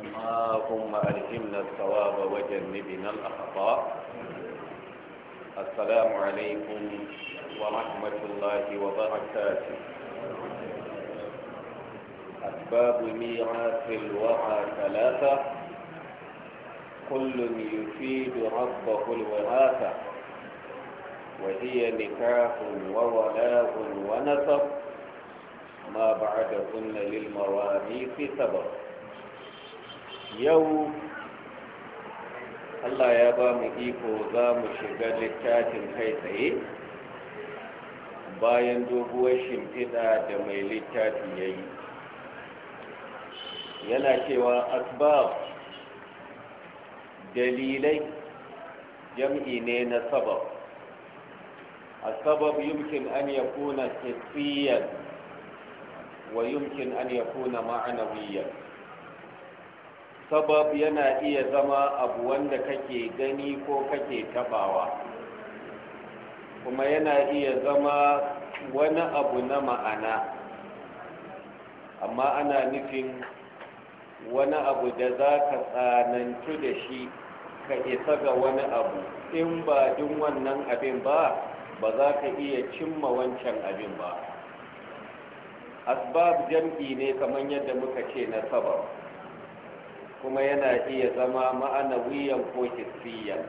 اللهم ألهمنا الثواب وجنبنا الأخطاء السلام عليكم ورحمة الله وبركاته أسباب ميراث الورى ثلاثة كل يفيد ربه الوراثة وهي نكاح وولاء ونسب ما بعدهن للمواريث سبب yau Allah ya ba mu iko za mu shiga littafin kai tsaye bayan doguwar shimfiɗa da mai littafi ya yi yana cewa asbab dalilai jam'i ne na sabab asbab yumkin an ya kuna hissiyan wa yumkin an ya kuna ma'anawiyar sabab yana iya zama abu wanda kake gani ko kake tabawa kuma yana iya zama wani abu na ma'ana amma ana nufin wani abu da za ka tsanantu da shi ka isa ga wani abu in ba din wannan abin ba ba za ka iya cimma wancan abin ba asbab jam'i ne kamar yadda muka ce na sabab kuma yana iya zama ma'anawiyan ko Ma'ana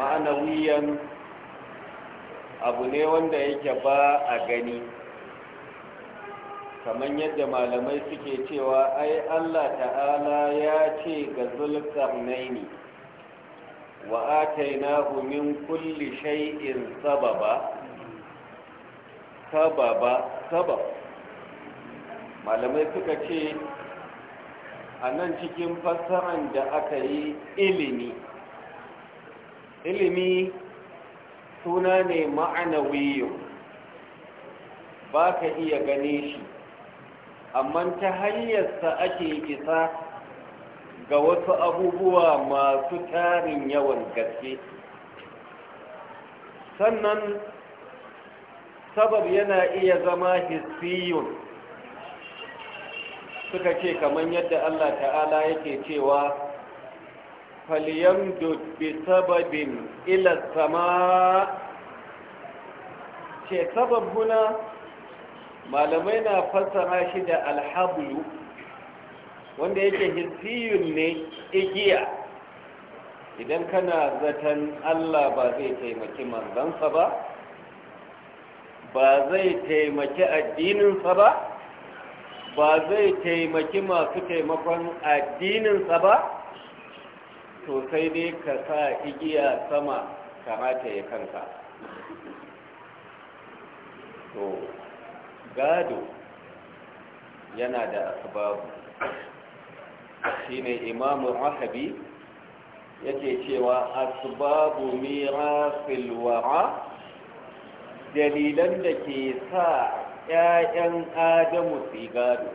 ma'anawiyan abu ne wanda yake ba a gani kamar yadda malamai suke cewa ai allah ta'ala ya ce ga zulkarnaini wa atainahu min kulli shay'in sababa sababa sabab malamai suka ce a nan cikin fassaran da aka yi ilimi ilimi suna ne ma'ana wiyo ba ka iya gane shi amma ta hanyarsa ake isa ga wasu abubuwa masu tarin yawan gaske sannan sabab yana iya zama hisiyun suka ce kamar yadda Allah ta'ala yake cewa falyamdud bi sababin ila sama ce sababuna malamai na fassara shi da alhablu wanda yake hisiyun ne igiya idan kana zaton Allah ba zai taimaki manzansa ba ba zai taimaki addininsa ba ba zai taimaki masu taimakon addininsa ba to sai dai ka sa igiya sama kamata ya kanka to gado yana da shi shine imamu rahabi yake cewa asibabu Mera Filwara dalilan da ke sa Ya'yan adamu su yi gado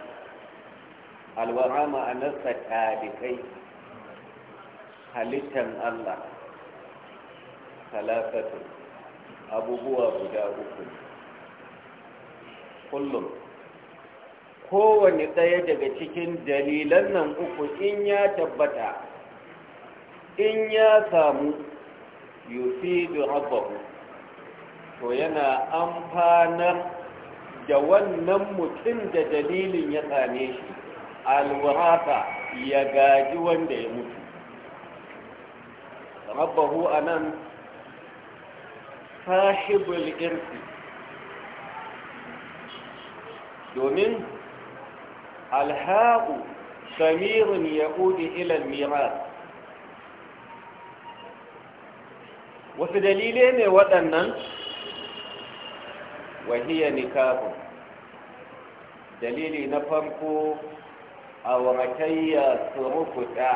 alwara ma'anarsa talikai halittar allah talafatu abubuwa guda uku kullum kowane ɗaya daga cikin dalilan nan uku in ya tabbata in ya samu yufi da to yana amfanar da wannan mutum da dalilin ya same shi alwurata ya gaji wanda ya mutu rabbahu anan sahibul irsi domin alha'u samirun ƙudi ilal miras wasu dalilai ne waɗannan wahiya nikahu dalili na farko auratayya su rukuta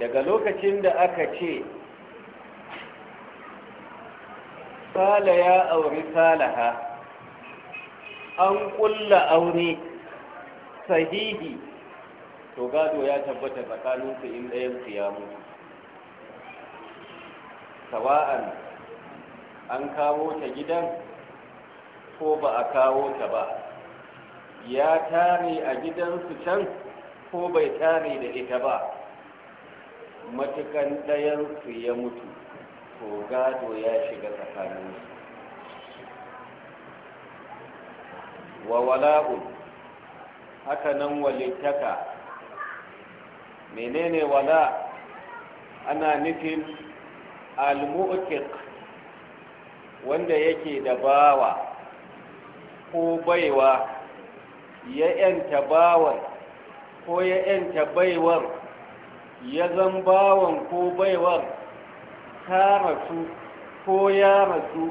daga lokacin da aka ce sala ya auri salaha an kulla aure sahihi to gado ya tabbata tsakaninsu in ɗayan ya mutu sawa'an an kawo ta gidan ko ba a kawo ta ba ya tare a gidan su can ko bai tare da ita ba matukan ɗayansu ya mutu ko gado ya shiga tsakaninsu wa wala'un haka nan walittaka menene wala ana nufin al-mu'tiq wanda yake da bawa ko baiwa ya yanta bawan ko ya yanta baiwar ya zan bawan ko baiwar ta rasu ko ya rasu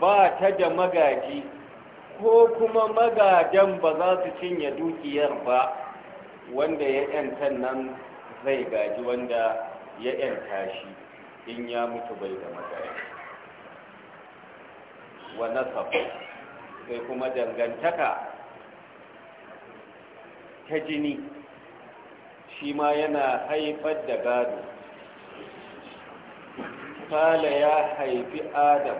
ba ta da magaji ko kuma magajan ba za su cinye dukiyar ba wanda ya yanta nan zai gaji wanda ya yanta shi in ya mutu bai da magaji wa nasab sai kuma dangantaka ta jini shi ma yana haifar da gado kala ya haifi adam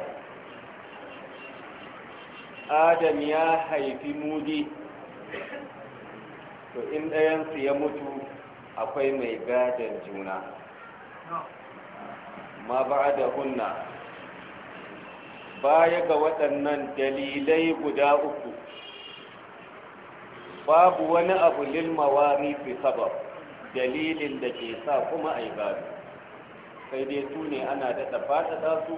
adam ya haifi mudi to in ɗayansu ya mutu akwai mai gadon juna ma ba da hunna baya ga waɗannan dalilai guda uku babu wani abu lilmawari fi sabab dalilin da ke sa kuma a yi ibadu sai dai su ne ana daɗa faɗaɗa su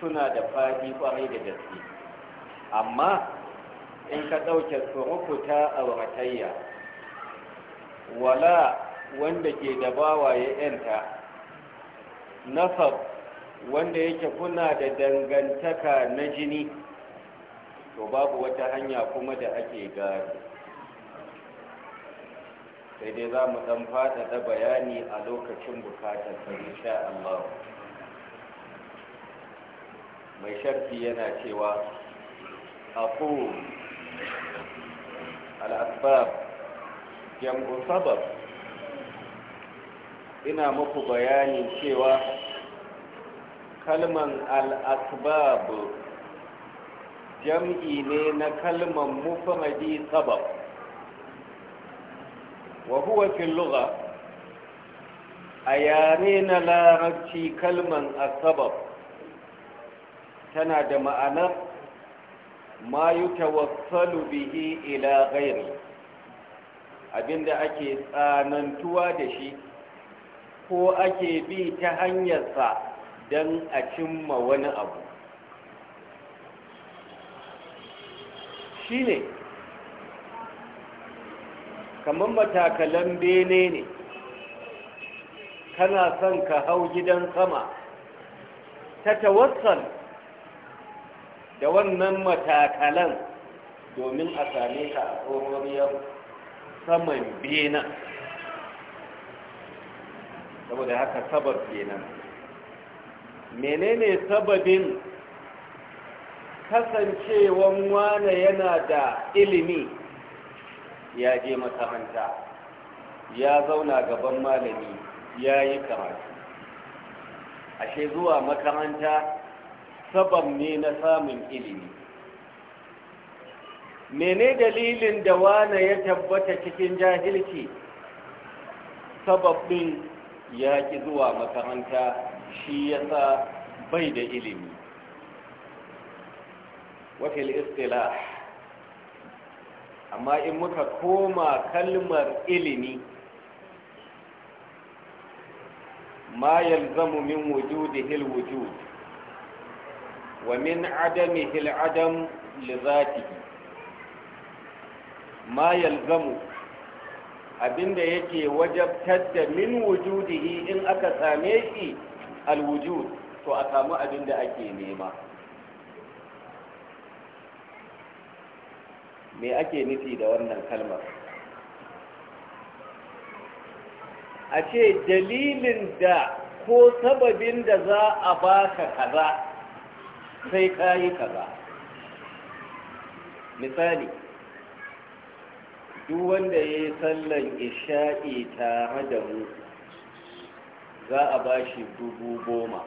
suna da faɗi kwarai da gaske amma in ka ɗauke surukuta a wakatayya wala wanda ke da bawa ya yanta nasab wanda yake kuna da dangantaka na jini to babu wata hanya kuma da ake gari sai dai za mu dan faɗaɗa bayani a lokacin bukatar insha Allah mai sharfi yana cewa aku al-asbab jam'u sabab ina muku bayanin cewa kalman al'asbab jam'i ne na kalman mufamadi sabab wa huwa a yare na larabci kalman asbab tana da ma'anar ma yutawassalu bihi ila ghairi abinda ake tsanantuwa da shi ko ake bi ta hanyarsa don a cimma wani abu shine ne kamar matakalan bene ne kana son ka hau gidan sama ta tawassal da wannan matakalan domin a same ka a yau saman bena saboda haka sabar kenan menene sababin kasancewan wane yana da ilimi ya je makaranta ya zauna gaban malami ya yi karatu ashe zuwa makaranta sabab ne na samun ilimi mene dalilin da wane ya tabbata cikin jahilci sabab ya ki zuwa makaranta shi yasa bai da ilimi wafil istilah amma in muka koma kalmar ilimi ma yalzamu min wujudihi alwujud wa min adamihi aladam li dhatihi ma yalzamu abinda yake wajabtar da min wujudihi in aka same shi alwujud to a samu abin da ake nema me ake nufi da wannan kalmar a ce dalilin da ko sababin da za a baka kaza sai kayi kaza misali duk wanda ya yi sallan isha'i tare da mu za a ba shi dubu goma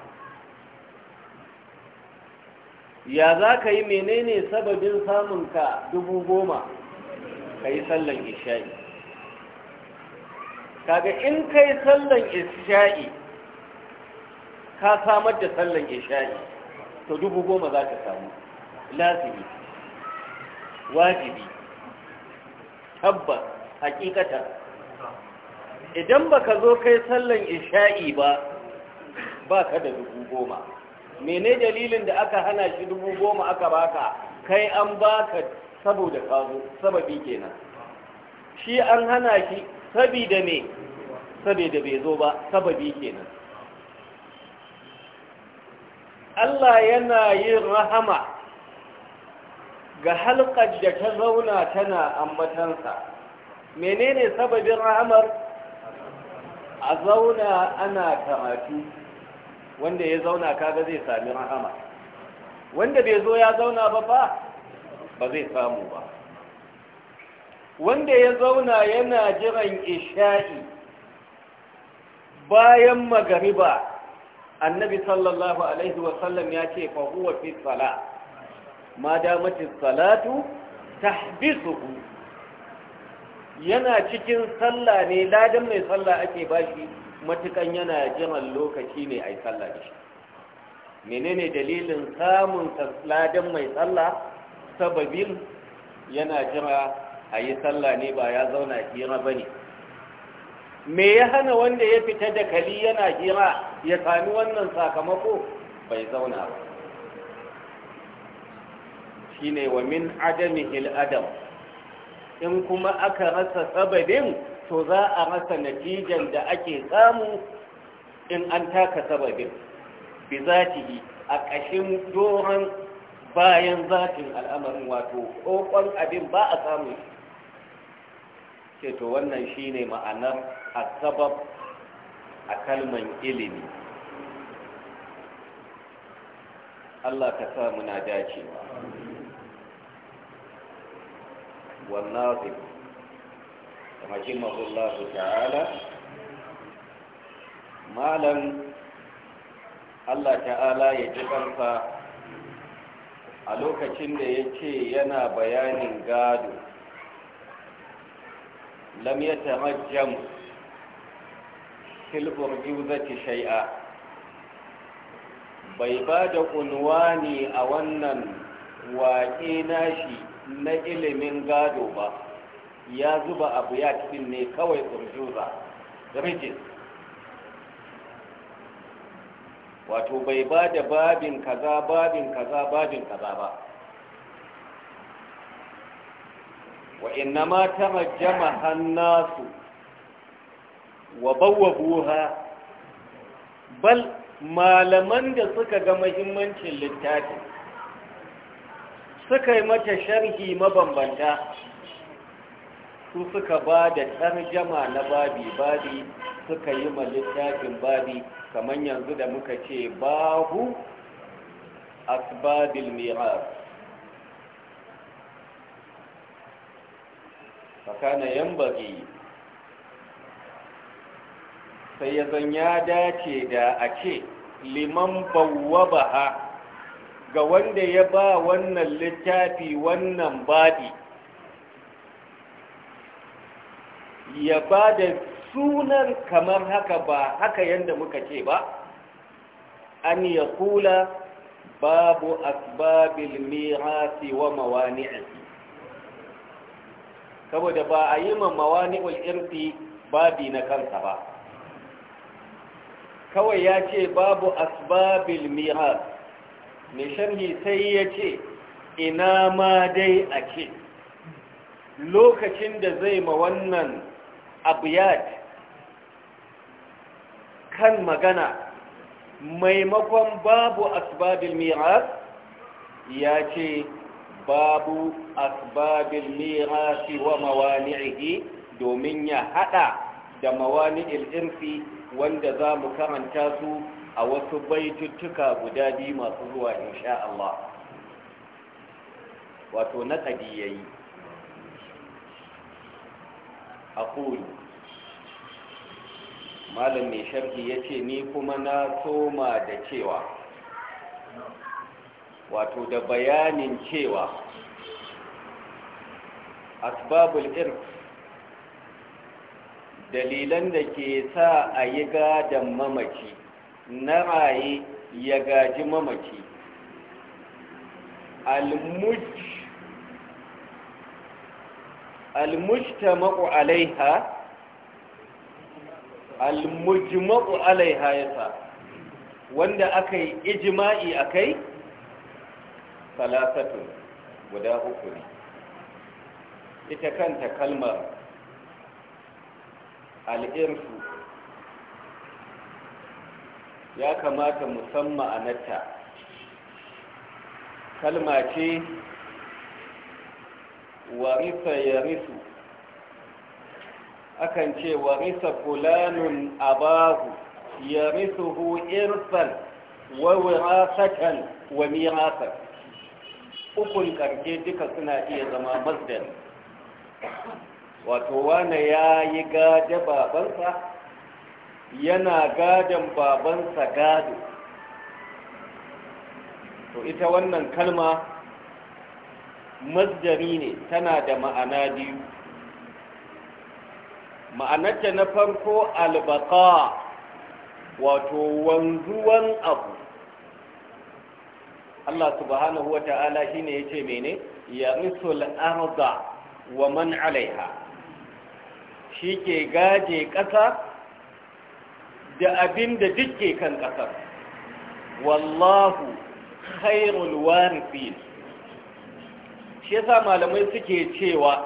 ya za ka yi menene sababin samunka dubu goma ka yi sallan isha'i kaga in ka yi sallan isha'i ka samar da sallan isha'i to dubu goma za ka samu lazimi wajibi tabbas hakikatar idan ba ka zo kai sallan isha'i ba ba ka da dubu goma mene dalilin da aka hana shi dubu goma aka baka kai an baka saboda kazo sababi kenan shi an hana shi sabida me sabida bai zo ba sababi kenan Allah yana yin rahama ga halƙar da ta zauna tana ambatansa menene sababin rahamar a zauna ana karatu wanda ya zauna kaga zai sami rahama wanda bai zo ya zauna ba fa, ba zai samu ba wanda ya zauna yana jiran isha'i bayan magariba annabi sallallahu alaihi wasallam ya ce fa huwa fi sala ma damatis salatu tahbisuhu yana cikin sallah ne ladan mai sallah ake bashi matukan yana jiran lokaci ne a sallah da menene dalilin samun ladan mai sallah sababin yana jira a sallah ne ba ya zauna hira ba ne me ya hana wanda ya fita da kali yana hira ya sami wannan sakamako bai zauna ba shi ne wa min adamihil adam in kuma aka rasa sababin to za a rasa natijan da ake samu in an taka sababin bi zatihi a ƙashin doron bayan zatin al'amarin wato ƙoƙon abin ba a samu Ke to wannan shine ma'anar a sabab a kalman ilimi Allah ka sa muna dacewa والناظم رحمه الله تعالى مالا Allah ta'ala ya ji ƙarfa a lokacin da ya ce yana bayanin gado lam ya tamajjam silbur juzati shai'a bai ba da unwani a wannan waƙe nashi na ilimin gado ba ya zuba abu ya cikin ne kawai kurjuza rigid wato bai ba da babin kaza babin kaza babin kaza ba wa inna ma tamajjama hannasu wa bawwabuha bal malaman da suka ga muhimmancin littafin suka yi mata sharhi mabambanta su suka ba da tarjama na babi-babi suka yi ma littafin babi kamar yanzu da muka ce babu asbabil Mirar. fakana yan bari sai ya zan ya dace da a ce liman bawwa ba ga wanda ya ba wannan littafi wannan baɗi ya ba da sunan kamar haka ba haka yadda muka ce ba an ya kula babu asbabin mirasi wa mawani'ati saboda ba a yi ma mawani'ul irfi babi na kansa ba kawai ya ce babu asbabil miras mai sai ya ce ina ma dai a ce lokacin da zai ma wannan abiyat kan magana maimakon babu asbabil miras ya ce babu asbabil mirasi wa mawani'i domin ya hada da mawani'il irfi wanda za mu karanta su a wasu baituttuka guda biyu masu zuwa insha Allah wato na ƙadiyayi a kuri malam mai sharhi ya ce ni kuma na soma da cewa wato da bayanin cewa asbabul irk dalilan da ke sa a yi gadon mamaci na raye ya gaji mamaci almujtamaku alaiha alaiha yasa wanda aka yi ijima'i kai salasatu guda uku ne ita kanta kalmar al'irfu ya kamata musamman a ma'anarta kalma ce warisa ya risu akan ce warisa fulanin abahu ya risu, hu irfan wa wirasatan wa mirasan ukun karke duka suna iya zama masdar wato wane ya yi gaje babansa yana gadon babansa gado to ita wannan kalma masjari ne tana da ma'ana biyu ma'anarta na farko albaka wato wanzuwan abu Allah subhanahu wa ta'ala shi ne ya ce mene ya iso la'arza wa man alaiha shi ke gaje ƙasa da abin da dukke kan ƙasar wallahu khairul warithin shi yasa malamai suke cewa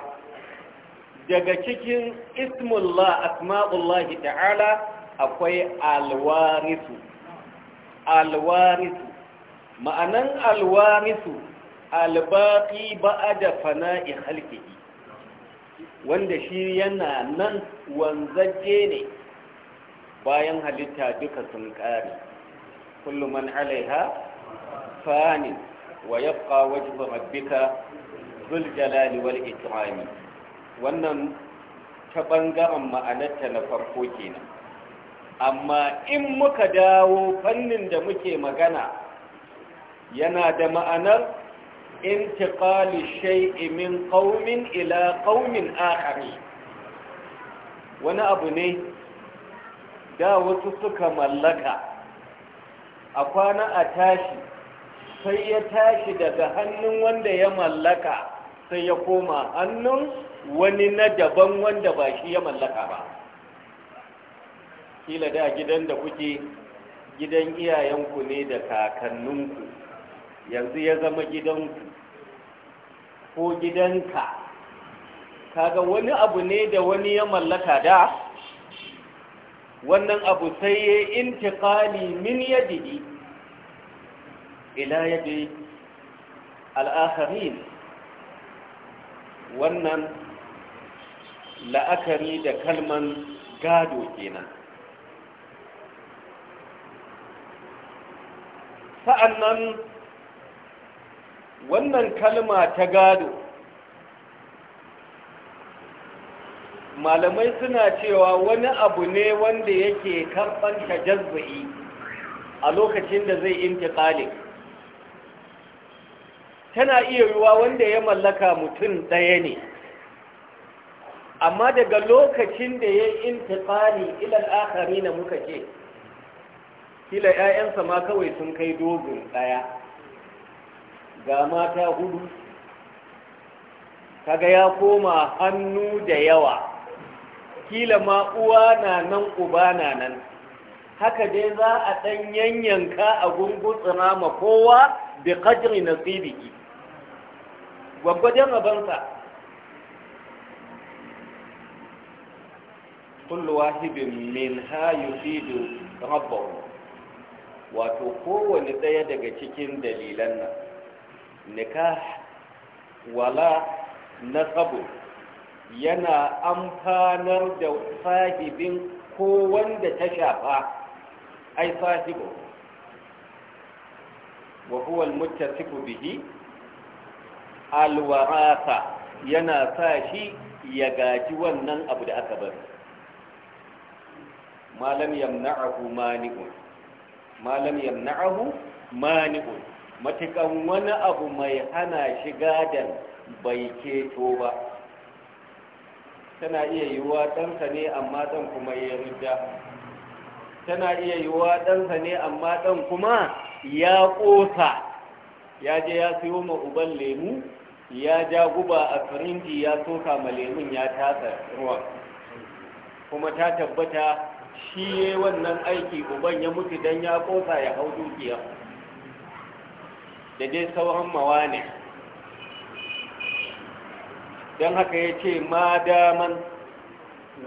daga cikin ismullah asma'ullahi ta'ala akwai alwarisu alwarisu ma'anan alwarisu albaqi ba'da fana'i khalqihi wanda shi yana nan wanzaje ne bayan halitta duka sun ƙare kullu man alaiha fani wa yabqa wajhu rabbika dhul jalali wal ikram wannan ta bangaren ma'anarta na farko kenan amma in muka dawo fannin da muke magana yana da ma'anar intiqali shay'i min qaumin ila qaumin akhari wani abu ne da wasu suka mallaka a kwana a tashi sai ya tashi daga hannun wanda ya mallaka sai ya koma hannun wani na daban wanda ba shi ya mallaka ba kila da gidan da kuke gidan iyayenku ne da kakanninku yanzu ya zama gidanku ko gidanka kaga wani abu ne da wani ya mallaka da wannan abu sai ya intiqali min yadihi ila yadi al'akharin wannan la'akari da kalman gado kenan nan wannan kalma ta gado malamai suna cewa wani abu ne wanda yake karɓar tajazzu'i a lokacin da zai intiqali tana iya yiwuwa wanda ya mallaka mutum ɗaya ne amma daga lokacin da ya intiqali ilal akari na muka ce kila 'ya'yansa ma kawai sun kai dogon ɗaya ga mata hudu kaga ya koma hannu da yawa kila ma uwa na nan uba na nan haka dai za a ɗan yanyanka a gungutsina ma kowa bi qadri nasibihi gwaggwajen rabansa kullu wahibin min ha yufidu rabbahu wato kowane ɗaya daga cikin dalilan nan nikah wala nasabu yana amfanar da sahibin ko wanda ta shafa ai sahibu wa huwa almuttasifu bihi alwarasa yana sa shi ya gaji wannan abu da aka bari malam yamna'ahu mani'un malam yamna'ahu mani'un matukan wani abu mai hana shiga dan bai keto ba tana iya yiwuwa ɗansa ne amma ɗan kuma ya rujja tana iya yiwuwa ɗansa ne amma ɗan kuma ya ƙosa ya je ya siyo ma uban lemu ya ja guba a firinji ya soka ma lemun ya tasa ruwa kuma ta tabbata shi ya wannan aiki uban ya mutu don ya ƙosa ya hau dukiya da dai sauran mawa ne don haka ya ce ma daman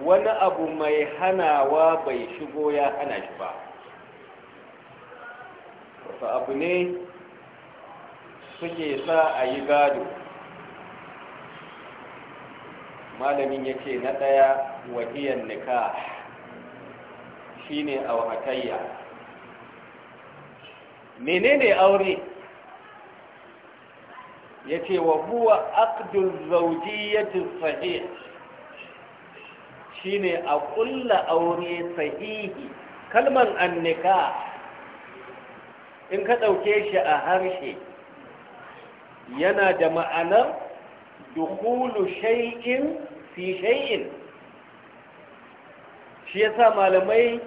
wani abu mai hanawa bai shigo ya hana shi ba wasu abu ne suke sa a yi gado malamin ya ce na ɗaya wahiyan nika shine auratayya menene aure yace wa huwa aqdu zawjiyyati sahih shine a kulla aure sahihi kalman annika in ka dauke shi a harshe yana da ma'anar dukulu shay'in fi shay'in shi yasa malamai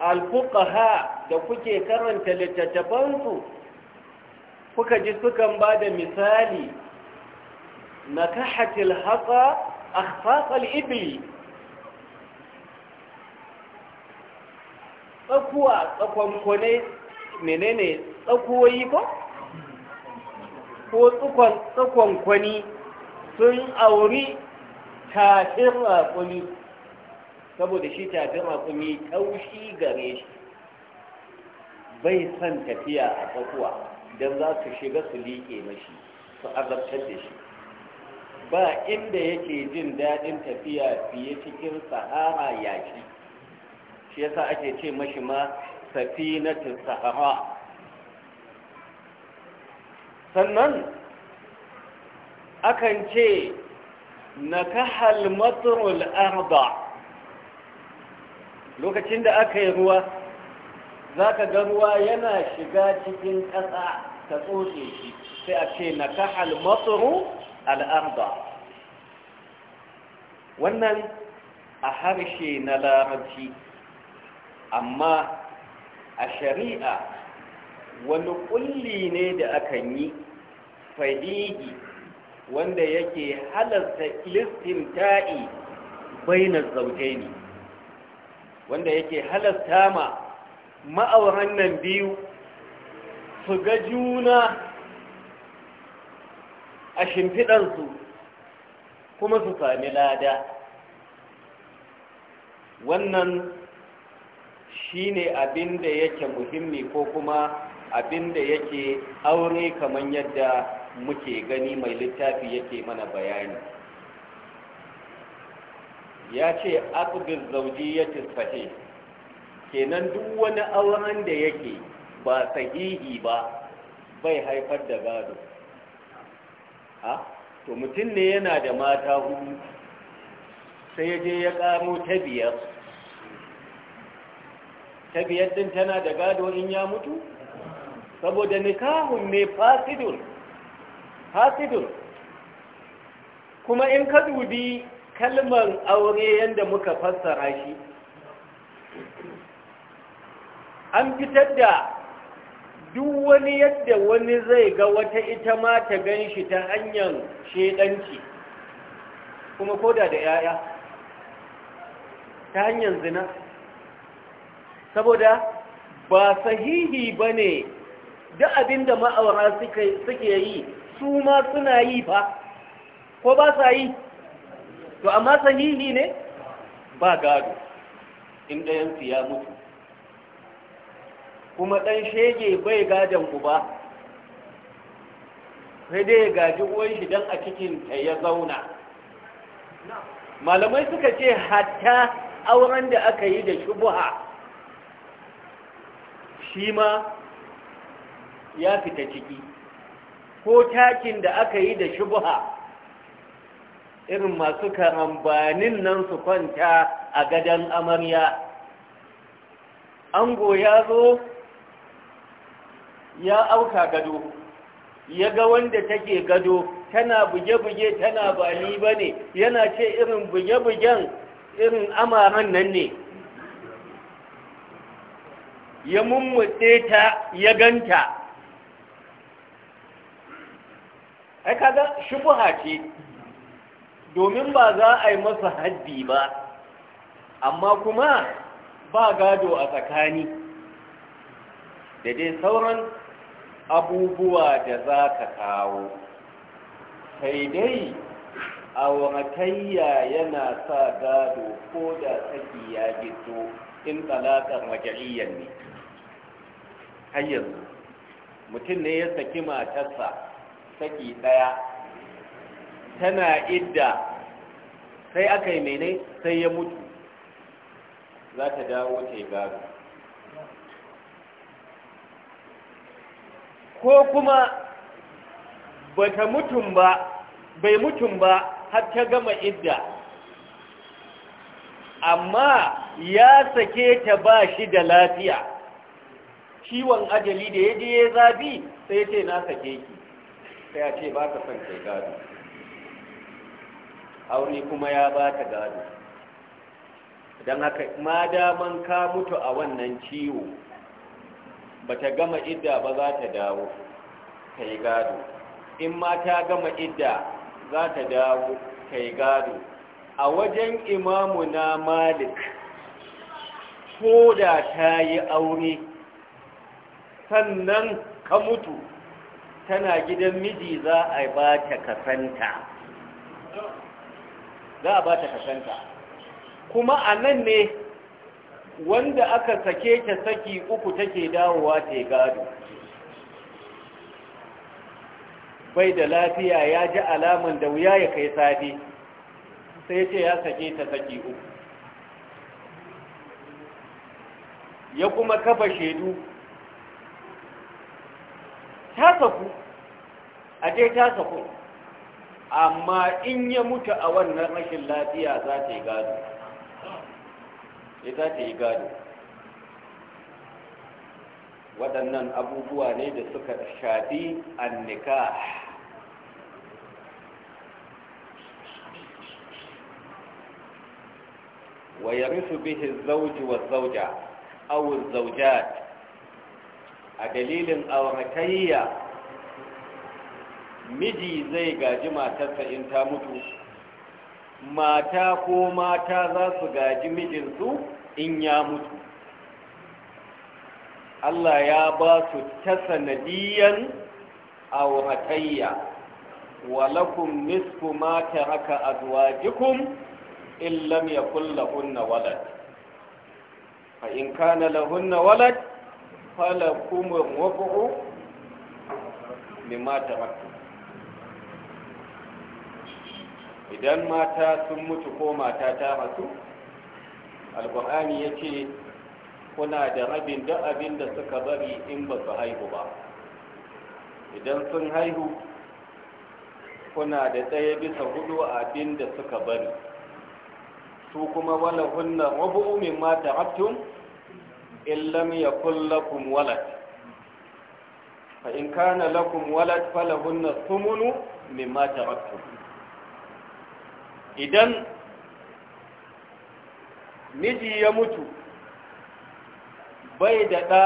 al-fuqaha da kuke karanta littattafansu kuka ji sukan ba da misali na kahatil haka a fasal ibili tsakuwa tsakonkone menene tsakuwoyi ko? ko tsakonkwani sun auri tafin raƙumi saboda shi tafin raƙumi taushi gare shi bai son tafiya a tsakuwa Idan za su shiga su liƙe mashi su azabtar da shi ba inda yake jin daɗin tafiya fiye cikin sahara yaki shi yasa ake ce mashi ma safinatu sahara sannan akan ce nakahal matrul arba, lokacin da aka yi ruwa za ka ga ruwa yana shiga cikin ƙasa ta tsotse shi sai a ce na kahal matsuru al'arba wannan a harshe na larabci amma a shari'a wani ƙulli ne da akan yi fadigi wanda yake halarta ta'i bainar ne, wanda yake halarta ma ma'auran nan biyu su ga juna a shimfiɗansu kuma su sami lada wannan shi ne abin da yake muhimmi ko kuma abin da yake aure kamar yadda muke gani mai littafi yake mana bayani ya ce abu zauji ya tisfahe kenan duk wani auren da yake ba sahihi ba bai haifar da gado ha to mutum ne yana da mata hudu sai ya je ya karo ta biyar ta biyar din tana da gado in ya mutu saboda nikahun ne fasidun fasidun kuma in ka dubi kalmar aure yadda muka fassara shi an fitar da duk wani yadda wani zai ga wata ita ma ta gan shi ta hanyar shedanci kuma koda da 'ya'ya ta hanyar zina saboda ba sahihi ba ne duk abin da ma'aura suke yi su ma suna yi ba ko ba sa yi to amma sahihi ne ba gado in ɗayansu ya mutu kuma ɗan shege bai gadon uba sai dai ya gaji uwan shi don a cikin ta ya zauna malamai suka ce hatta auren da aka yi da shubuha shi ma ya fita ciki ko takin da aka yi da shubuha irin masu karambanin nan su kwanta a gadon amarya ango ya zo ya auka gado ya ga wanda take gado tana buge-buge tana bali ba ne yana ce irin buge-bugen irin amaran nan ne ya mummutse ta ya ganta ai kaga shubuha ce domin ba za a yi masa haddi ba amma kuma ba gado a tsakani da dai sauran abubuwa da za ka kawo sai dai auratayya yana sa gado ko da saki ya gito in talakar majaliyyar ne har mutum ne ya saki matarsa saki ɗaya tana idda sai aka yi mene sai ya mutu za ta dawo ta yi gado ko kuma bata mutum ba bai mutum ba har ta gama idda amma ya sake ta ba shi da lafiya ciwon ajali da ya je ya zabi sai ce na sake ki sai ya ce ba ka son kai gado aure kuma ya ba ta gado don haka ma daman ka mutu a wannan ciwo ba ta gama idda ba za ta dawo ta yi gado in ma ta gama idda za ta dawo ta yi gado a wajen imamu na malik ko da ta yi aure sannan ka mutu tana gidan miji za a ba ta kasanta za a ba ta kasanta kuma a nan ne wanda aka sake ta saki uku take dawowa ta gado bai da lafiya ya ji alaman da wuya ya kai safi sai ce ya sake ta saki uku ya kuma kafa shaidu ta saku a je ta saku amma in ya mutu a wannan rashin lafiya za ta yi gado ya za ta yi gado waɗannan abubuwa ne da suka shafi annika wa yarisu bihi zauji wa zauja aw zaujat a dalilin auratayya miji zai gaji matarsa in ta mutu mata ko mata za su gaji mijinsu in ya mutu Allah ya ba su ta sanadiyan auratayya walakun mata haka a zuwa jikun? in lam kulla hunna walad fa in kana hunna walad falakum rubu mata haka. idan mata sun mutu ko mata ta rasu alkur'ani ya ce kuna da rabin da abin da suka bari in ba su haihu ba idan sun haihu kuna da ɗaya bisa hudu a abin da suka bari su kuma wala hunna rabu'u min ma ta'abtum illam yakul lakum walat? fa in kana lakum walat, walad falahunna min mata ta'abtum idan miji ya mutu bai da ɗa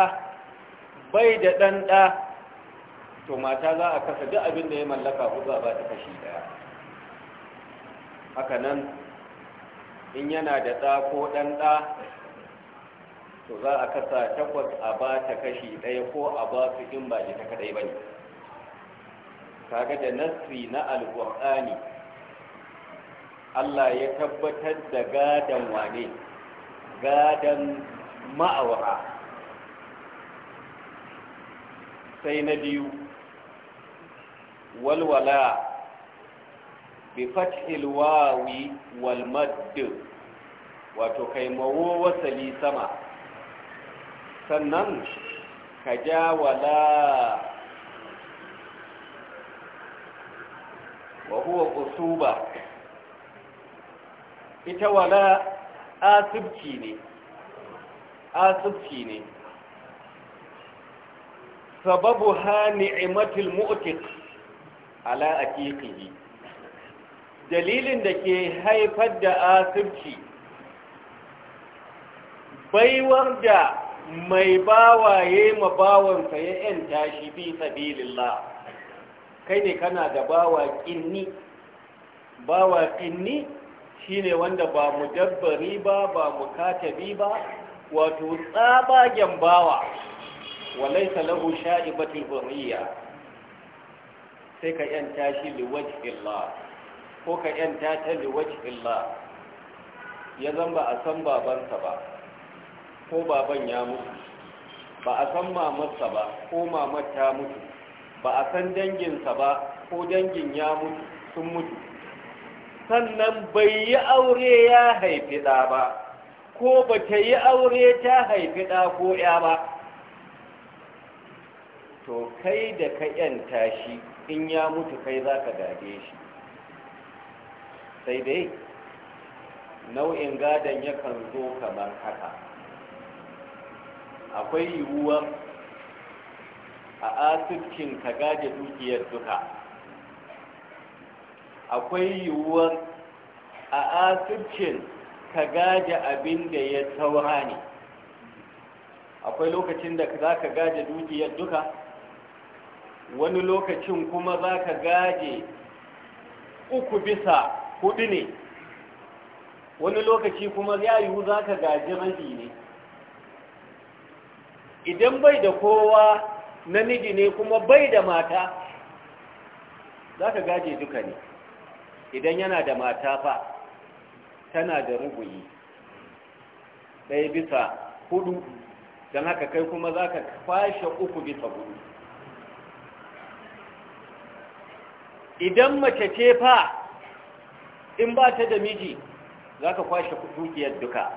bai da ɗan ɗa to mata za a kasa duk abin da ya mallaka hudu ba ta kashi ɗaya haka nan in yana da ɗa ko ɗan ɗa to za a kasa takwas a ba ta kashi ɗaya ko a ba su in ba ta kaɗai ba ne kaga da nasri na alƙur'ani Allah ya tabbatar da gadon wane gadon ma'aura sai na biyu walwala bi fathil wawi wal madd wato kai mawo wasali sama sannan ka ja wala wa huwa usuba ita wala asibci ne asibci ne sababu ha ni'imatul mu'tiq ala aqiqihi dalilin da ke haifar da asibci baiwar da mai bawaye mabawansa ya yanta shi fi sabilillah kai ne kana da bawa kinni bawa kinni shine wanda ba mu dabbari ba ba mu katabi ba wato tsabagen bawa walaisa lahu sha'ibatul hurriya sai ka yanta shi liwaj Allah ko ka yanta ta liwaj Allah ya zan ba a san babansa ba ko baban ya mutu ba a san mamarsa ba ko mamar ta mutu ba a san danginsa ba ko dangin ya mutu sun mutu sannan bai yi aure ya haifi ɗa ba ko ba ta yi aure ta haifi ɗa ko ya ba to kai da ka yanta shi in ya mutu kai za ka gade shi sai dai nau'in gadon yakan zo kamar haka akwai yiwuwa a asibitin ka gaje dukiyar duka akwai yiwuwar a asircin ka gaje abin da ya saura ne akwai lokacin da za ka gaje dukiyar duka wani lokacin kuma za ka gaje uku bisa hudu ne wani lokaci kuma ya yiwu za ka gaji rafi ne idan bai da kowa namiji ne kuma bai da mata za ka gaje duka ne idan yana da mata fa tana da rubuyi ɗaya bisa hudu don haka kai kuma za ka kwashe uku bisa hudu idan mace ce fa in ba ta da miji za ka kwashe dukiyar duka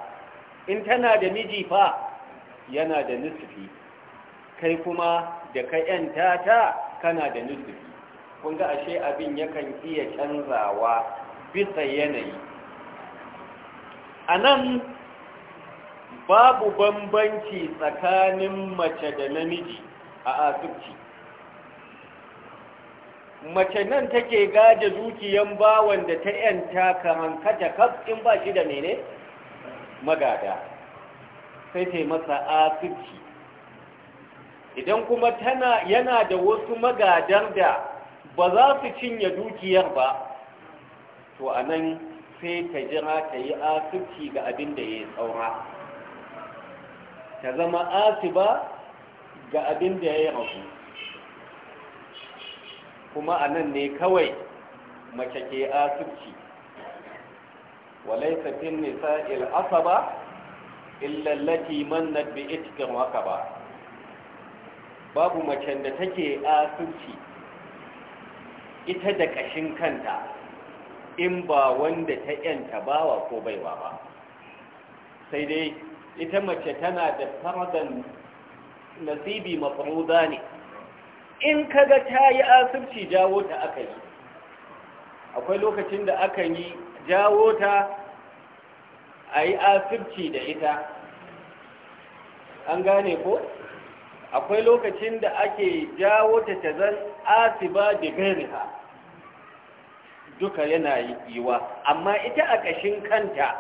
in tana da miji fa yana da nusufi kai kuma da ka ‘yanta ta kana da nusufi kun ga ashe abin yakan iya canzawa bisa yanayi a nan babu bambanci tsakanin mace da namiji a asibiti mace nan take gaje zuciyan bawan da ta yanta ka hankata kaf in ba shi da mene magada sai ta masa asibiti idan kuma tana yana da wasu magadan da ba za su cinye dukiyar ba to a nan sai ka jira ka yi asibci ga abin da ya yi tsaura ka zama asiba ga abin da ya yi ragu kuma a nan ne kawai mace ke asibci nisa fin nisa'il asaba man na mannat bi waka ba babu macen da take asibci ita da ƙashin kanta in ba wanda ta yanta bawa ko baiwa ba sai dai ita mace tana da faradan nasibi mafruda ne in kaga ta yi asirci jawo ta aka yi akwai lokacin da aka yi jawo ta a yi asirci da ita an gane ko? akwai lokacin da ake jawo ta ta zan asiba da gariha duka yana yiwa amma ita a ƙashin kanta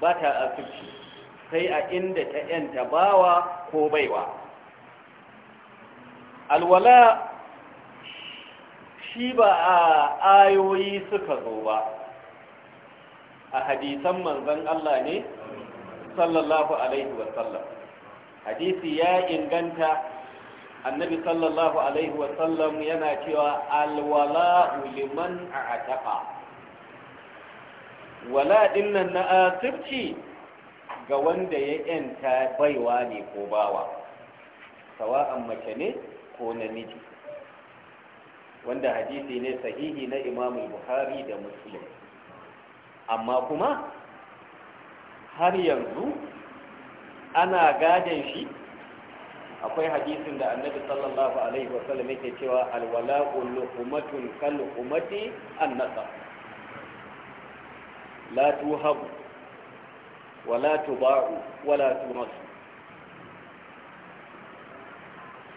ba ta asibci sai a inda ta yanta bawa ko baiwa alwala shi ba a ayoyi suka zo ba a hadisan manzan Allah ne sallallahu alaihi wasallam hadisi ya inganta annabi sallallahu alaihi wasallam yana cewa alwala liman a'taqa wala dinnan na asirci ga wanda ya yanta baiwa ne ko bawa sawa'an mace ne ko namiji wanda hadisi ne sahihi na imamul bukhari da muslim amma kuma har yanzu ana gadon shi akwai hadisin da annabi sallallahu alaihi wasallam yake cewa alwala'u luhumatun kal umati annasa la tuhabu wala tuba'u wala tunasu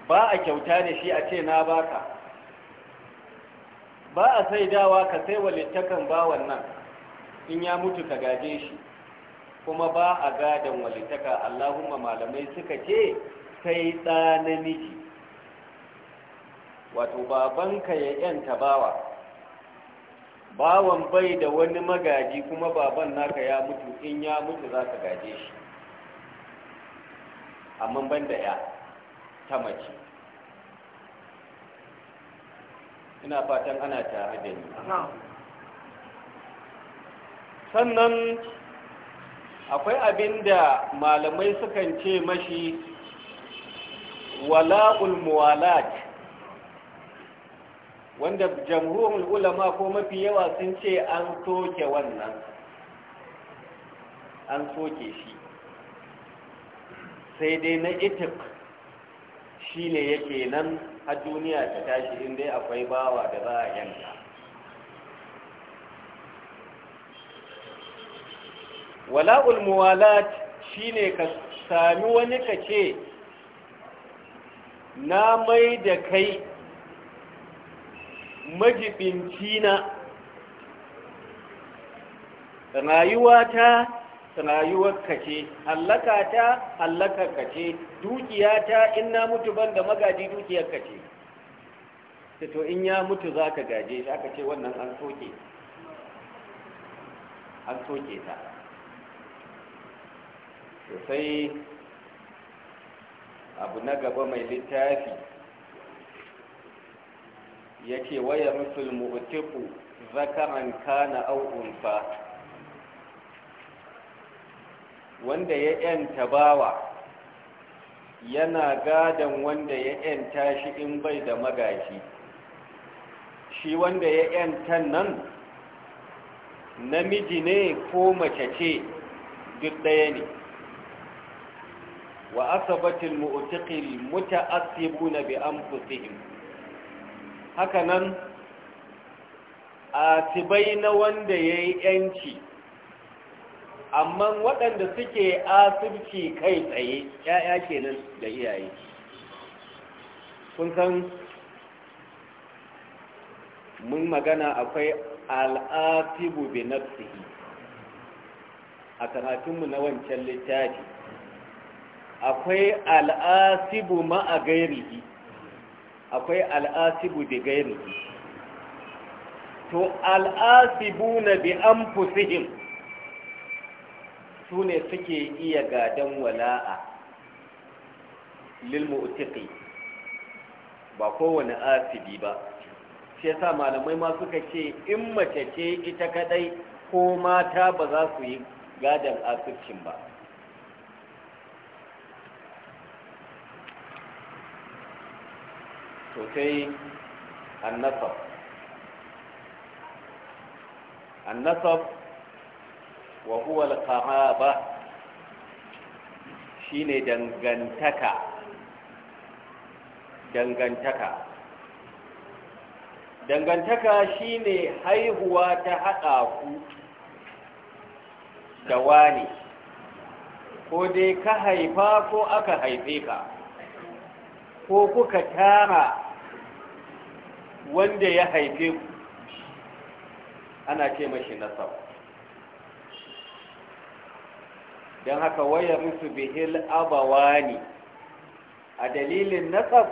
ba a kyauta da shi a ce na baka ba a saidawa ka sai walittakan bawan nan in ya mutu ka gaje shi kuma ba a gadon walitaka allahumma malamai suka ce sai ɗa namiji wato babanka ya yanta bawa bawan bai da wani magaji kuma baban naka ya mutu in ya mutu za ka gaje shi amma ban da ya ta mace ina fatan ana tare da ni sannan akwai abin da malamai sukan ce mashi wala'ul muwalat wanda jamhurin ulama ko mafi yawa sun ce an soke wannan an soke shi sai dai na itik shi ne yake nan a duniya ta tashi inda akwai bawa da za a yanka wala'ul muwalat shine ka sami wani kace na mai da kai majibinci na rayuwata rayuwar kace hallakata hallakar kace dukiyata in na mutu ban da magaji dukiyar kace to in ya mutu za ka gaje shi aka ce wannan an soke an soke ta sai abu na gaba mai littafi ya ce waya musulmu utiku zakaran kana au'unfa wanda ya yanta bawa yana gadon wanda ya yanta shi in bai da magashi shi wanda ya yanta nan namiji ne ko mace ce duk ɗaya ne wa asabatil mu'tiqil muta'assibuna bi anfusihim hakanan atibai na wanda yayi yanci amma waɗanda suke asibiti kai tsaye ya'ya kenan da iyaye kun san mun magana akwai al'asibu bi nafsihi a karatunmu na wancan littafi akwai al'asibu ma'a gairihi akwai al'asibu da gairihi to al'asibu na bi an fusihim su ne suke iya gadon wala'a utiki ba kowane asibi ba shi yasa malamai ma suka ce in mace ce ita kadai ko mata ba za su yi gadon asibcin ba to sai annasab annasab wa huwa al-qaraba shine dangantaka dangantaka dangantaka shine haihuwa ta haɗa ku da wani ko dai ka haifa ko aka haife ka ko kuka tara wanda ya haife ku ana ce mashi nasab don haka waya rusu bihil abawani a dalilin nasab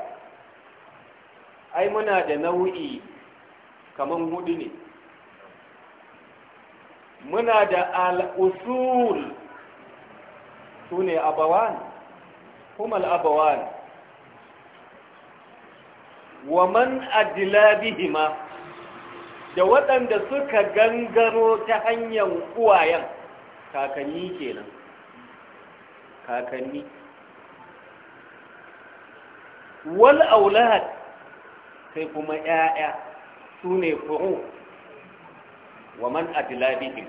ai muna da nau'i kamar hudu ne muna da al'usul su ne abawan kuma al'abawani wa man adila bihima da waɗanda suka gangaro ta hanyar uwayen kakanni kenan kakanni wal aulad sai kuma 'ya'ya su ne furu wa man adila bihim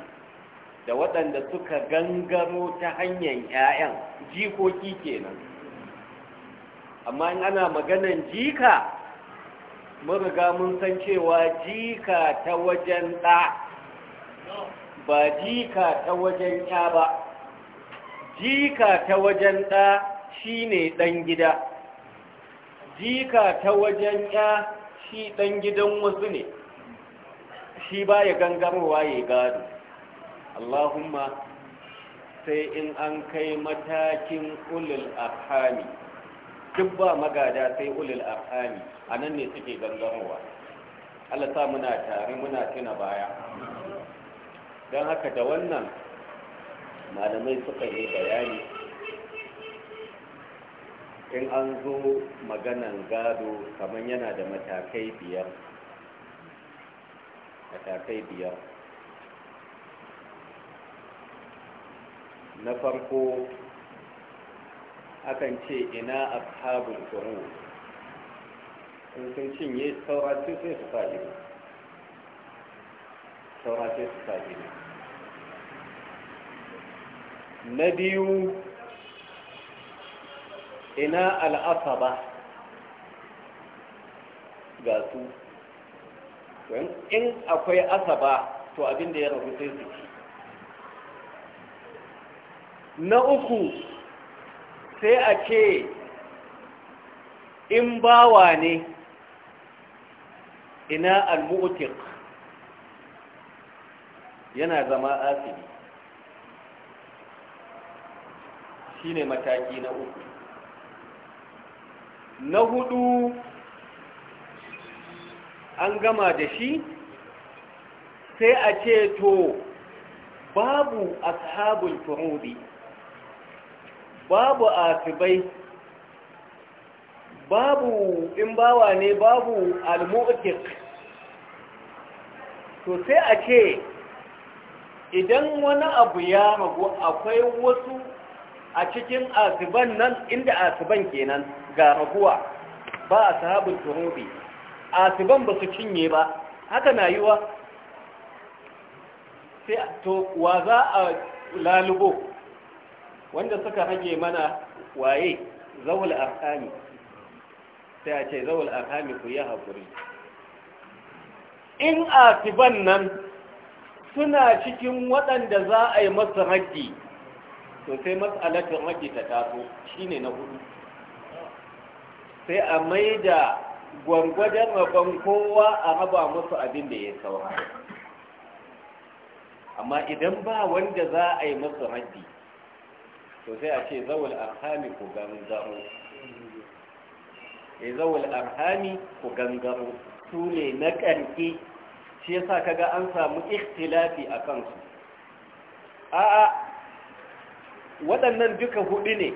da waɗanda suka gangaro ta hanyar 'ya'yan jikoki kenan amma in ana maganan jika mun riga mun san cewa jika ta wajen ɗa ba jika ta wajen ya ba jika ta wajen ɗa shi ne ɗan gida jika ta wajen ya shi ɗan gidan wasu ne shi ba ya gangarowa ya gado allahumma sai in an kai matakin ulul arhami duk ba magada sai ulil arhami a nan ne suke gangarwa Allah sa muna tare muna tuna baya don haka da wannan malamai suka yi bayani in an zo maganan gado kamar yana da matakai biyar matakai biyar na farko akan ce ina ashabul furu in sun cinye saurace sai su faɗi saurace su faɗi na biyu ina ba ga su in akwai asaba to abin da ya rabu sai su ci na uku sai a ce in bawa ne ina al-mu'tiq yana zama asiri shine mataki na uku na hudu an gama da shi sai a ce to babu ashabul furudi babu asibai, babu in bawa ne babu almu'tik to sai a ce idan wani abu ya ragu akwai wasu a cikin asiban nan inda asiban kenan ga raguwa ba a sahabin turobi asiban ba su cinye ba haka na yiwa sai to wa za a lalubo wanda suka rage mana waye zawul arhami sai a ce zawul arhami ku yi haƙuri in asiban nan suna cikin waɗanda za a yi masu rage to sai matsalatin rage ta taso shine na hudu sai a mai da gwangwajen rabon kowa a raba masu abin da ya saura amma idan ba wanda za a yi masu rage to sai a ce zawul arhami ku gangaro e zawul arhami ku gangaro su ne na ƙarfi shi yasa kaga an samu ikhtilafi a kansu a'a waɗannan duka hudu ne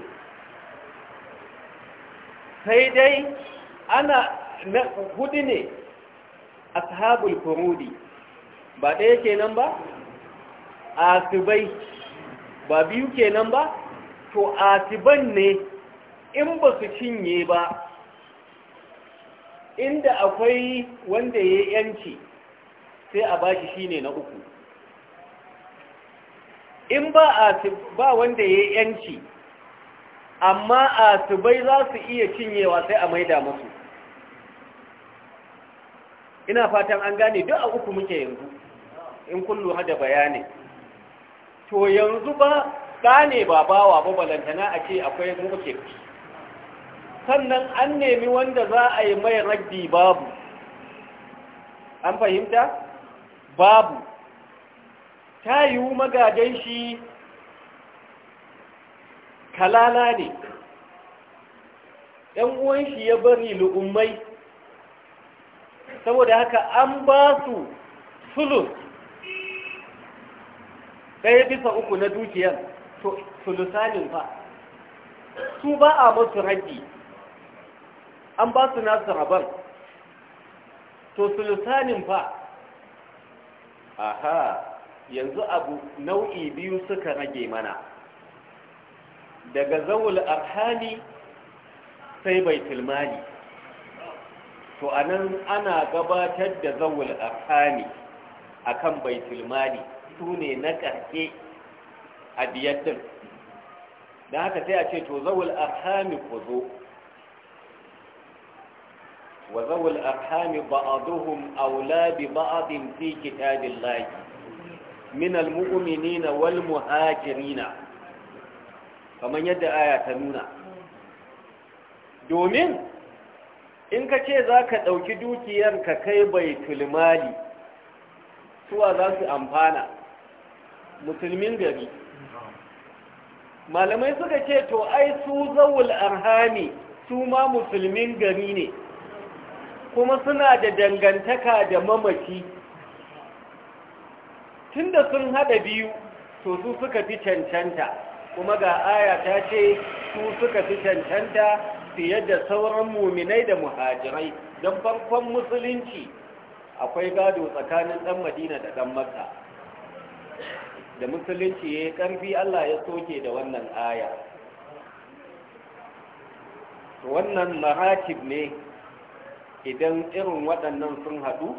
sai dai ana hudu ne ashabul furudi ba ɗaya kenan ba A asibai ba biyu kenan ba to atiban ne in ba su cinye ba inda akwai wanda ya yanci sai a bashi shine na uku in ba ba wanda ya yanci amma atibai za su iya cinyewa sai a maida musu ina fatan an gane duk a uku muke yanzu in kullu hada bayani to yanzu ba ɗa ne ba bawa ba balantana a ce akwai muke sannan an nemi wanda za a yi mai raddi babu an fahimta babu ta yiwu magajen shi kalala ne ɗan uwan shi ya bari lu'ummai saboda haka an ba su sulus ɗaya bisa uku na dukiyar sulusanin ba su ba a masu rabi an ba su nasu rabon to sulusanin ba aha yanzu abu nau'i biyu suka rage mana daga zawul arhani sai bai tilmani to anan ana gabatar da zawul arhani akan bai tilmani su ne na ƙarfe a biyar haka sai a ce to zawul arhami ku zo wa zawul arhami ba'aduhum aula bi ba'adin fi kitabillahi min na wal muhajirina kamar yadda aya ta nuna domin in ka ce za ka ɗauki dukiyar ka kai bai tulmali suwa za su amfana musulmin gari malamai suka ce to ai su zawul arhami su ma musulmin gari ne kuma suna da dangantaka da mamaci tunda sun haɗa biyu to su suka fi cancanta kuma ga aya ta ce su suka fi cancanta fiye da sauran muminai da muhajirai don farkon musulunci akwai gado tsakanin ɗan madina da ɗan makka da musulunci ya yi ƙarfi Allah ya soke da wannan aya wannan mahatib ne idan irin waɗannan sun haɗu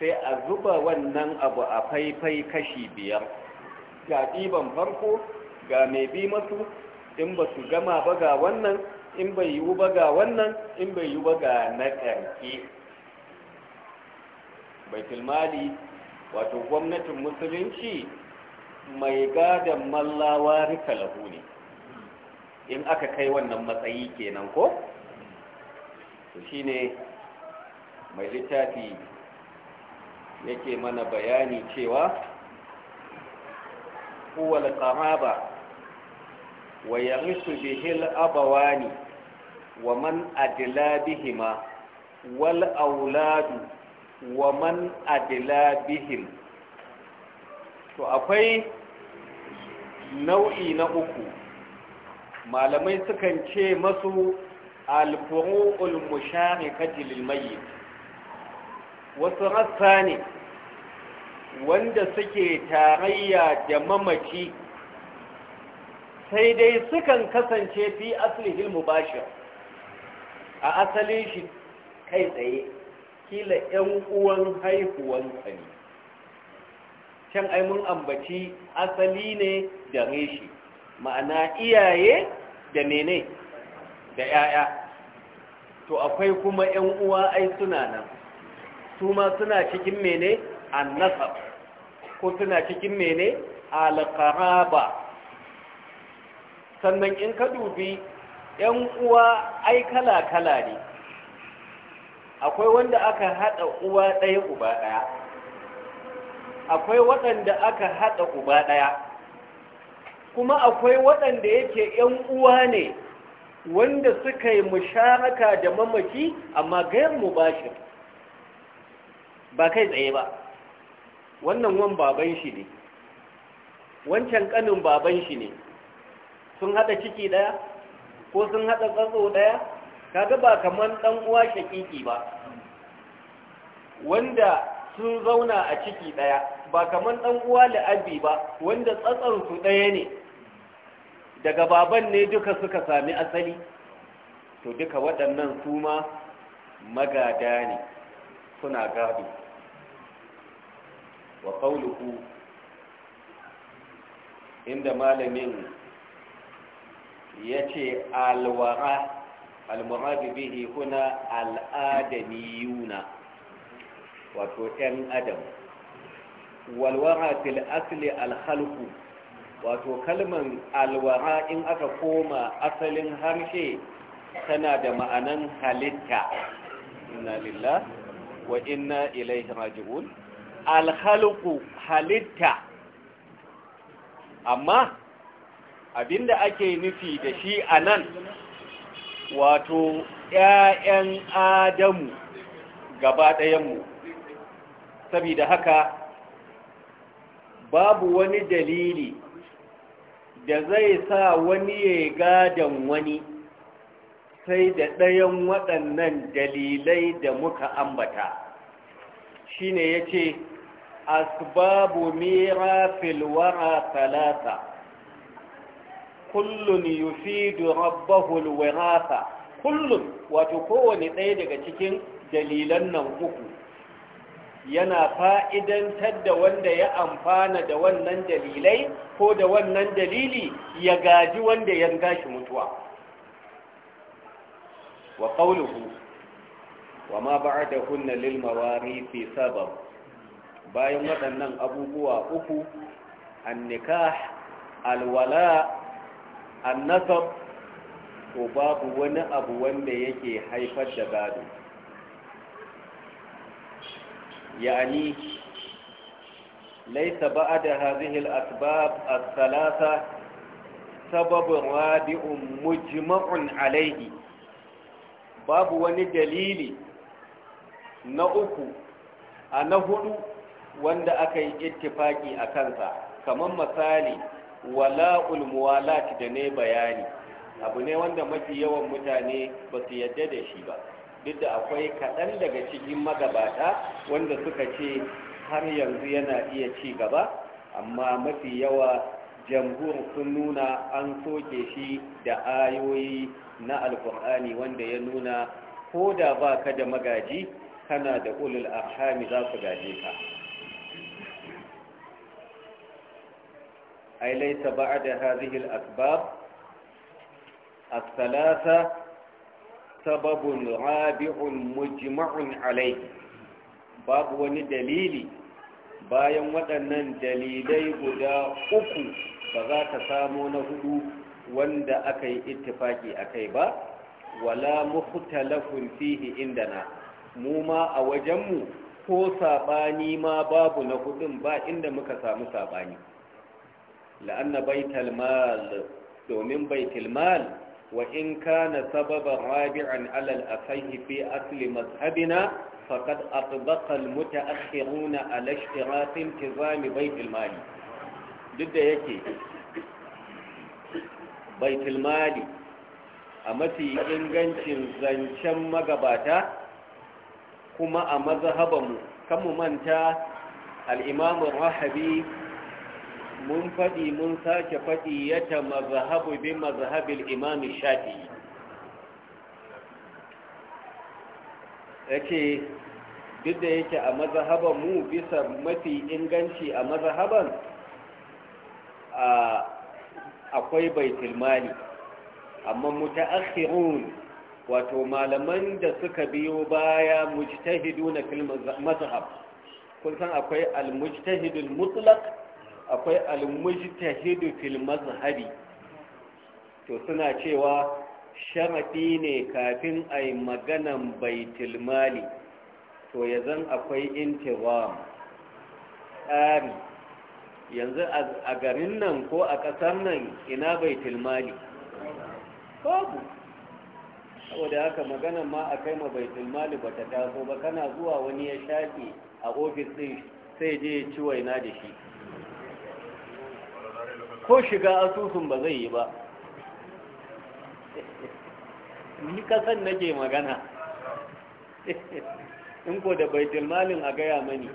sai a zuba wannan abu a faifai kashi biyar ga ɗiban farko ga mai bi masu in ba su gama ba ga wannan in bai yiwu ba ga wannan in bai yiwu ba ga na ƙarƙe baitulmali wato gwamnatin musulunci mai gadon mallawa rika lahu ne in aka kai wannan matsayi kenan ko to shine mai littafi yake mana bayani cewa huwa al-qaraba wa yarisu bihi al-abawani wa man adla bihima wal auladu wa man adla bihim to akwai nau'i na uku malamai sukan ce masu alfuru'ul musharikati lil mayyit wasu rassa ne wanda suke tarayya da mamaci sai dai sukan kasance fi aslihil mubashir a asalin shi kai tsaye kila 'yan uwan haihuwan ne can ai mun ambaci asali ne da reshi ma'ana iyaye da mene da 'ya'ya to akwai kuma 'yan uwa ai suna nan su ma suna cikin mene annasab ko suna cikin mene alqaraba sannan in ka dubi 'yan uwa ai kala-kala ne akwai wanda aka haɗa uwa ɗaya uba ɗaya akwai waɗanda aka haɗa uba ɗaya kuma akwai waɗanda yake ‘yan uwa ne wanda suka yi musharaka da mamaki amma gayar mu ba shi. ba kai tsaye ba wannan wan baban shi ne wancan kanin baban shi ne sun haɗa ciki ɗaya ko sun haɗa tsatso ɗaya kaga ba kamar ɗan uwa shakiki ba wanda sun zauna a ciki ɗaya ba kamar ɗan uwa la'abi ba wanda tsatsansu ɗaya ne daga baban ne duka suka sami asali to duka waɗannan su ma magada ne suna gado wa ƙauluku inda malamin ya ce alwara almurabi bihi kuna al'adamiyuna wato ‘yan adam walwara fil asli alhalku wato kalman alwara in aka koma asalin harshe tana da ma'anan halitta inna lillah wa inna ilaihi raji'un alhalku halitta amma abinda ake nufi da shi a nan wato ‘ya'yan adamu gaba ɗayanmu saboda haka babu wani dalili da zai sa wani ya gadon wani sai da ɗayan waɗannan dalilai da muka ambata shine ya ce asbabu mirafil filwara talata kullun yufidu rabbahul wirasa kullum wato kowane ɗaya daga cikin dalilan nan uku yana fa'idantar da wanda ya amfana da wannan dalilai ko da wannan dalili ya gaji wanda ya gashi mutuwa wa ƙauluhu wa ma ba’ar da kunna lilmawari fi sabab bayan waɗannan abubuwa uku annikah alwala annasab ko babu wani abu wanda yake haifar da gado يعني ليس بعد هذه الأسباب الثلاثة سبب رادع مجمع عليه باب وني دليل نأكو أنهد واند أكي اتفاقي أكنسا كما مثالي ولا الموالات دني بياني abu ne wanda mafi yawan mutane ba su yadda da shi ba duk da akwai kaɗan daga cikin magabata wanda suka ce har yanzu yana iya ci gaba amma mafi yawa jamhur sun nuna an soke shi da ayoyi na alkur'ani wanda ya nuna ko da ba ka da magaji kana da ulul arhami za su gaje ka ai laisa ba'da hadhihi al-asbab sababun rabi'un mujma'un alai babu wani dalili bayan waɗannan dalilai guda uku ba za ka samo na hudu wanda aka yi ittifaki a kai ba wala mukhtalafun fihi indana mu ma a wajenmu ko saɓani ma babu na hudun ba inda muka samu saɓani la'anna baital mal domin baitul mal وإن كان سببا رابعا على الأصيح في أصل مذهبنا فقد أطبق المتأخرون على اشتراط انتظام بيت المال جدا يكي بيت المال أمتي إنغنش زنشم مقباتا كما أمذهبهم كم منتا الإمام الرحبي mun faɗi mun sake faɗi ya ta mazhabu bin mazhabin imam shafi ya duk da yake a mazhaban mu bisa mafi inganci a mazhaban akwai baitul mali amma mutaakhirun wato malaman da suka biyo baya mujtahiduna fil mazhab kun san akwai al-mujtahidul mutlaq akwai al-mujtahidu fil mazhabi to suna cewa sharafi ne kafin a yi maganan baitul mali to ya akwai intiwam tsari yanzu a garin nan ko a ƙasar nan ina baitul mali babu saboda haka maganan ma akai ma baitul mali ba ta taso ba kana zuwa wani ya shafi a ofis ɗin sai je ci na da shi ko shiga asusun ba zai yi ba ni kasan nake magana in ko da baitulmalin a gaya mani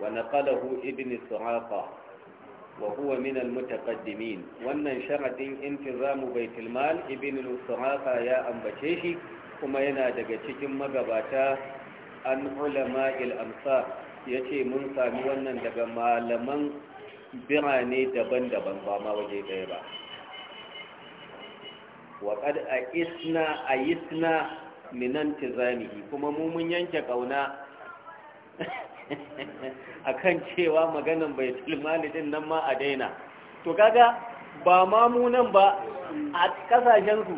ونقله ابن wa وهو من المتقدمين wannan sharadin intizamu baitul mal ibn al-suraqa ya ambace shi kuma yana daga cikin magabata an al amsar ya ce mun sami wannan daga malaman birane daban-daban ba ma waje daya ba waƙad a isna a isna minan tizanihi kuma mu yanke ƙauna a kan cewa maganin bai tilmalidin nan ma a daina to kaga ba ma mu ba a ƙasashensu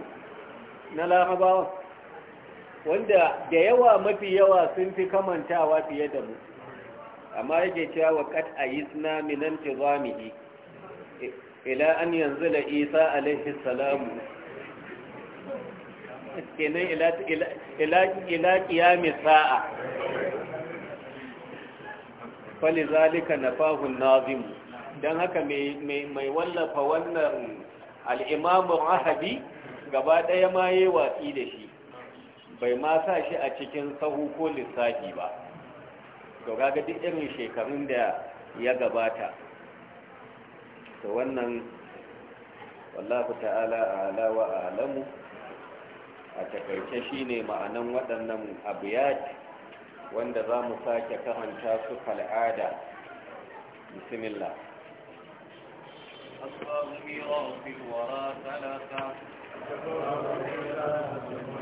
na larabawa wanda da yawa mafi yawa sun fi kamantawa fiye da mu amma yake cewa wa kad ayisna min intizamihi ila an yanzila isa alaihi salam kenan ila ila ila qiyami sa'a zalika nafahu nazim dan haka mai mai wallafa wannan al-imam ahadi gaba daya ma yayi watsi da shi bai ma sa shi a cikin sahu ko lissafi ba to kaga duk irin shekarun da ya gabata to wannan wallahu ta'ala ala wa alamu a takaice shine ma'anan waɗannan abiyat wanda za mu sake karanta su kal'ada bismillah أصاب ميراث الورى ثلاثة